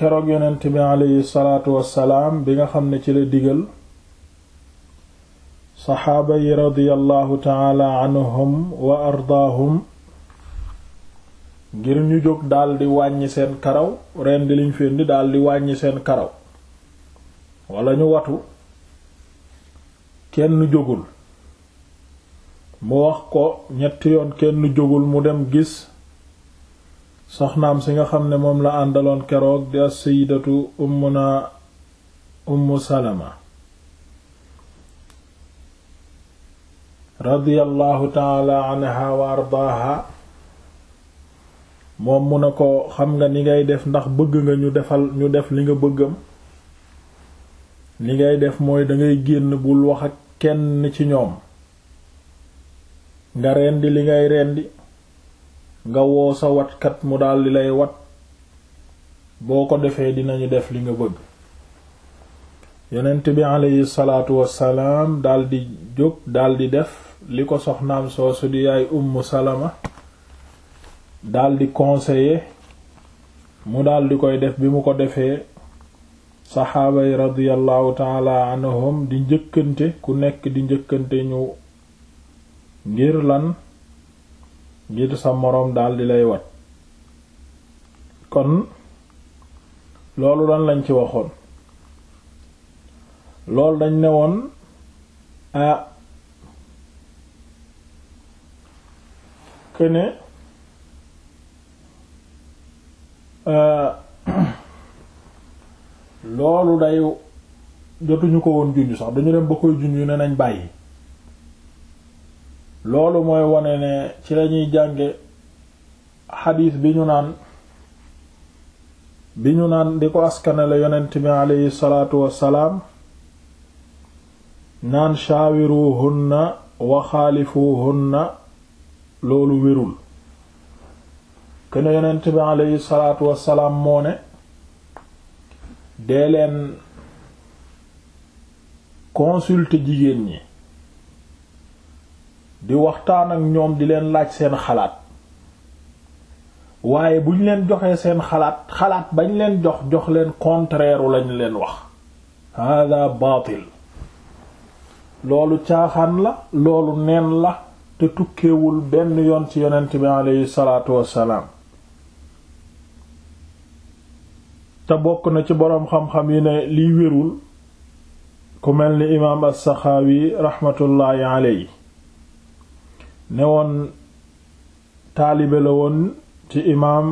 keroog yonent bi aleyhi salaatu wassalaam bi nga xam ne ci la digal saxaaba yi radiyallahu taala anhum wa ardaahum ngir ñu jóg daldi wàññi seen karaw ren di liñ fendi daldi wàññi seen karaw wala ñu watu kenn jógul mu wax ko ñetti yoon kenn jógul mu dem gis soxnaam si nga xam ne moom la àndaloon keroog di as-sayyidatu ummuna ummu salama radiyallahu taala anha ardaaha moom mu ne ko xam nga ni ngay def ndax bëgg nga ñu defal ñu def li nga bëggam li ngay def mooy dangay génn bul wax ak kenn ci ñoom nga rendi li ngay rendi nga sa watkat mu daldi lay wat boo ko defee dinañu def li nga bëgg yonent bi aleyhi salaatu wassalaam daldi jóg daldi def li ko soxnaam soosu di yaay ummu salama daldi conseiller mu daldi koy def bi mu ko defee saxaaba yi radiyallahu taala anhum di njëkkante ku nekk di njëkkante ñu ngir lan ngir sa moroom daal di lay wat kon loolu lan lañ ci waxoon loolu dañ ne woon a këne loolu day jotuñu ko woon junj sax dañu dem ba koy junj ne nañ bàyyi loolu mooy wane ne ci lañuy jànge xadiis bi ñu naan bi ñu naan di ko askanale yonent bi aleyhi salaatu wassalaam naan shaawiruhunna wa xaalifuhunna loolu wérul kene yonent bi aleyhi salaatu wassalaam moo ne dee leen consulte jigéen ñi di waxtaan ak ñoom di leen laaj seen xalaat waaye bu ñu leen joxee seen xalaat xalaat bañ leen jox jox leen contraire lañ leen wax hada baatil loolu caaxaan la loolu neen la te tukkewul benn yoon ci yonent bi aleyhi salaatu wassalaam te bokk na ci boroom xam-xam yi ne liy wérul ku mel ni imaam as-Saxaawi raxmatullaahi aleyhi ne woon taalibe la woon ci imaam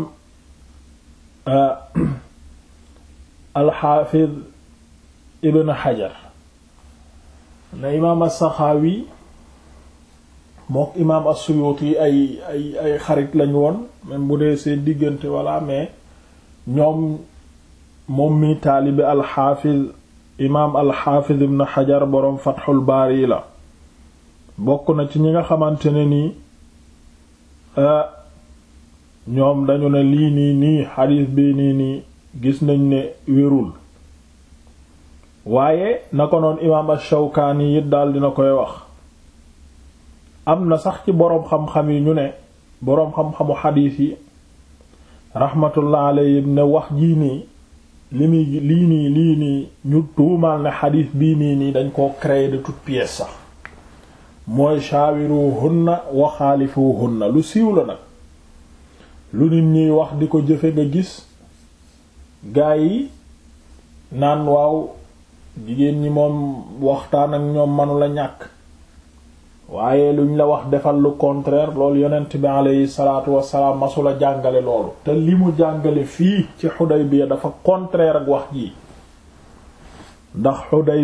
euh, alxaafiz ibn xajar ne imaam assaxaawi mook imaam assuyuuti ay ay xarit lañ woon même bu dee seen diggante walla mais ñoom moom mi taalibe alxaafiz imaam alxaafiz ibn xajar boroom fatxul baari la bokk na ci ñi nga xamante ne nii ñoom dañu ne lii nii nii xadiis bii nii nii gis nañ ne wérul waaye na ko noon imaam ash-Shawkaani it daal dina koy wax am na sax ci boroom xam-xam yi ñu ne boroom xam-xamu xadiis yi rahmatullah alayhim ne wax jii nii li muy lii nii lii nii ñu tuumaal ne xadiis bii nii nii dañ koo créer de toutes pièces sax mooy shaawiruhunna wa xaalifuhunna lu siiw la nag lu nit ñuy wax di ko jëfe nga gis gaa yi naan waaw jigéen ñi moom waxtaan ak ñoom manu la ñàkk waaye luñ la wax defal lu contraire loolu yonent bi alayhi salaatu wassalaam masula jàngale loolu te li mu jàngale fii ci Xudaybiya dafa contraire ak wax ji ndax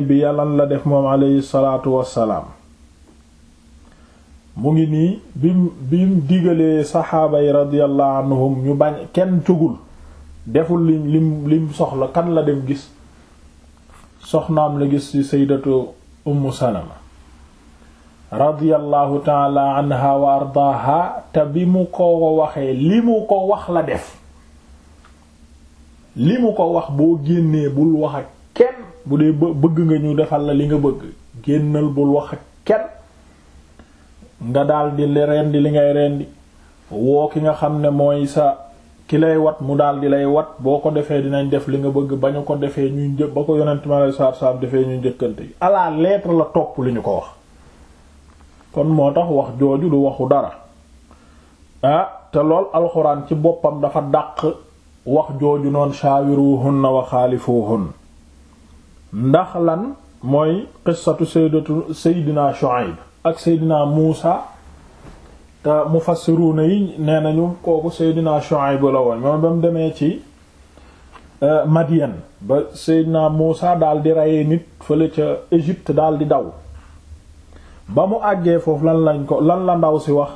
bi yàlla la def moom alayhi salaatu wassalaam mu ngi nii bim bim digalee saxaaba yi radiyallahu anhum ñu bañ kenn cugul deful lim lim lim soxla kan la dem gis soxnaam la gis ci sayyidatu ummu salama radiyallahu taala anha wa ardaaha te bi mu ko waxee li mu ko wax la def li mu ko wax boo génnee bul wax ak kenn bu dee bëgg nga ñu defal la li nga bëgg génnal bul wax ak kenn nga daldi rendi li ngay rendi woo ki nga xam ne mooy sa ki lay wat mu di lay wat boo ko defee dinañ def li nga bëgg ba ñu ko defee ñuy jë ba ko yonent ma lay saab saab defee ñu njëkkante yi à la la topp li ñu ko wax kon moo tax wax jooju du waxu dara ah te lool alxuraan ci boppam dafa dàq wax jooju noon shaawiruhunna wa xaalifuhun ndax lan mooy qissatu sayyidatu sayyidina Shu'ayb ak Seydina Muusa te mufassiruna yi nee nañu kooku Seydina Shuayb la woon moom ba mu demee ci euh, Madian ba Seydina Muusa daal di reyee nit fële ca Égypte daal di daw ba mu àggee foofu lan lañ ko lan la ndaw si wax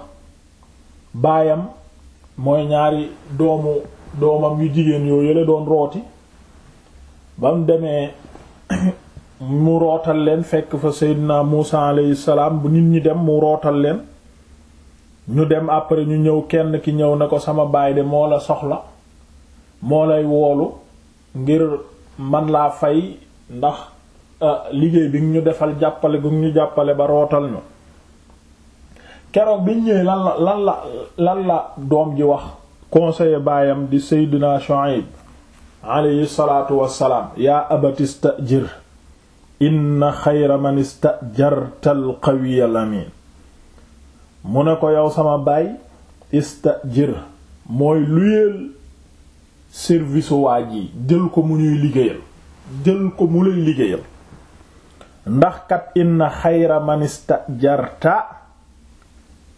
baayam mooy ñaari doomu doomam yu jigéen yooyu la doon rooti ba mu demee mu rootal leen fekk fa seydina Muusa alayhi salaam bu nit ñi dem mu rootal leen ñu dem après ñu ñëw kenn ki ñëw na ko sama baay de moo la soxla moo lay woolu ngir man laa fay ndax euh, liggéey bi ñu defal jàppale gu ñu jàppale ba rootal ñu keroog biñ ñëwee lan la lan la doom ji wax conseiller baayam di seydina Shuaib alayhi salaatu wassalaam yaa jir inna xayra man istajarta alqawiya mu ne ko yow sama baay istajir mooy luyeel service waaj yi jël ko mu ñuy liggéeyal jël ko mu lay liggéeyal ndax kat inna xayra man istajarta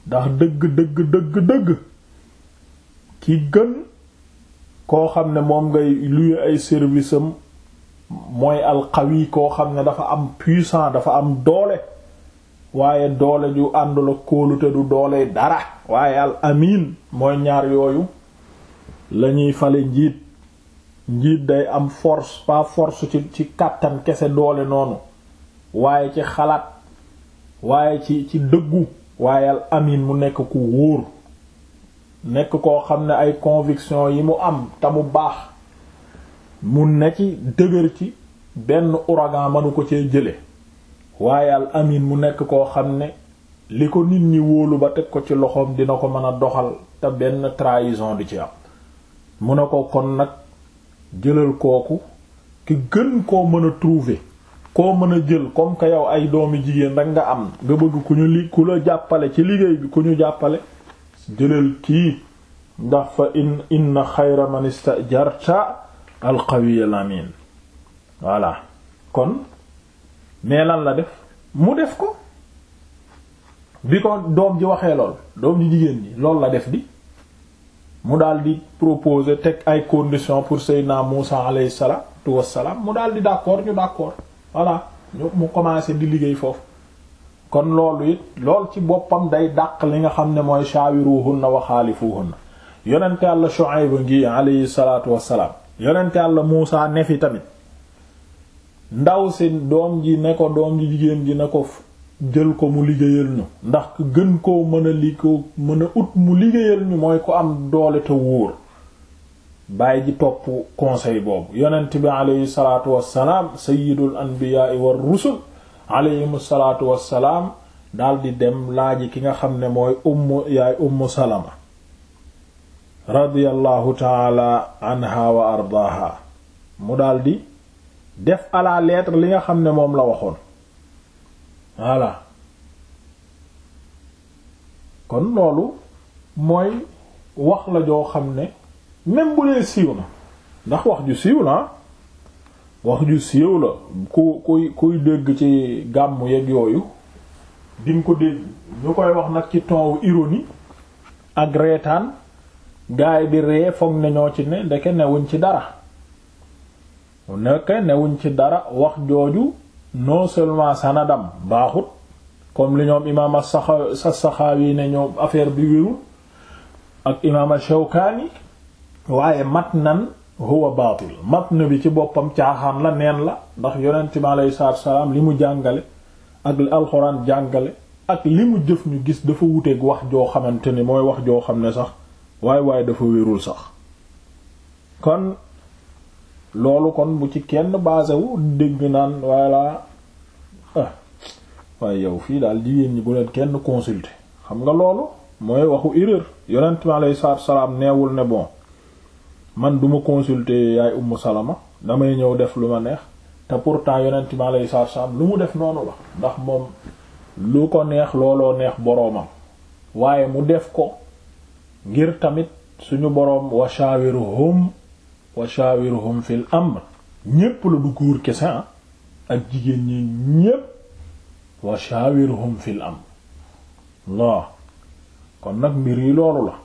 ndax dëgg dëgg dëgg dëgg ki gën koo xam ne moom ngay luye ay service mooy alqawi koo xam ne dafa am puissant dafa am doole waaye doole ju àndul ak kóolute du doole dara waaye al amin mooy ñaar yooyu lañuy fale njiit njiit day am force pas force ci ci kàttan kese doole noonu waaye ci xalaat waaye ci ci dëggu waaye al amin mu nekk ku wóor nekk koo xam ne ay conviction yi mu am te mu baax mun na ci dëgër ci benn ouragan mënu ko cee jële waaye al amin mu nekk koo xam ne li ko nit ñi wóolu ba teg ko ci loxoom dina ko mën a doxal te benn trahison du ci am mu ne ko kon nag jëlal kooku ki gën koo mën a trouver koo mën a jël comme que yow ay doomi jigéen rek nga am nga bëgg ku ñu li ku la jàppale ci liggéey bi ku ñu jàppale jëlal kii ndax fa in inna xayra man istajarta alqawi al amin kon mais lan la def mu def ko bi ko doom ji waxee lool doom ji jigéen ji lool la def bi mu daal di proposer teg ay conditions pour Seydina Muusa alayhi salaatu wassalaam mu daal di d'accord ñu d'accord voilà ñu mu commencé di liggéey foofu kon loolu it lool ci boppam day dàq li nga xam ne mooy shaawiruhunna wa xaalifuhunna yonente Yàlla Shuayb ngi alayhi salaatu wassalaam yonent yàlla Muusaa ne fi tamit ndaw si doom ji ne ko doom ji jigéen ji ne ko jël ko mu liggéeyal ñu ndax gën koo mën a li ko mën a ut mu liggéeyal ñu mooy ko am doole te wóor bàyyi ji topp conseil boobu yonent bi aleyhi salaatu sa sayyidul anbiyaa war rusul aleyhim salaatu wassalaam daldi dem laaji ki nga xam ne mooy umm yaay umm salama radiyallahu taala anha wa ardaaha mu daldi def à li nga xam ne moom la waxoon voilà kon loolu mooy wax la joo xam ne même bu dee siiw na ndax wax ju siiw la wax ju siiw la ku kuy kuy dégg ci gàmm yeeg yooyu dinga ko dégg ñu koy wax nag ci ton wu ironie ak reetaan gaay bi ree foog nañoo ci ne ndeke newuñ ci dara ndeke newuñ ci dara wax jooju non seulement sanadam baaxut comme li ñoom imaam as-Saxaawi ne ñoom affaire bi wérul ak imaam ash-Shawkaani waaye matnan huwa baatil matn bi ci boppam caaxaan la neen la ndax yonent bi aleyhi salaatu salaam li mu jàngale ak li alxuraan jàngale ak li mu jëf ñu gis dafa wuteeg wax joo xamante ni mooy wax joo xam ne sax waay waaye dafa wérul sax kon loolu kon bu ci kenn basé wu dégg naan voilà ah waaye yow fii daal jigéen ñi bu leen kenn consulter xam nga loolu mooy waxu erreur yonent mi alayhi salaatu salaam neewul ne bon man duma ma consulter yaay Ummu Salama damay ñëw def lu ma neex te pourtant yonent mi alayhi saa salaam lu mu def noonu la ndax moom lu ko neex looloo neex boroomam waaye mu def ko. ngir tamit suñu boroom wa shawiruhum wa shawiruhum fil amr ñépp la du góor kese ah. ak jigéen ñi ñépp wa shawiruhum fil amr laa kon nag mbir yi loolu la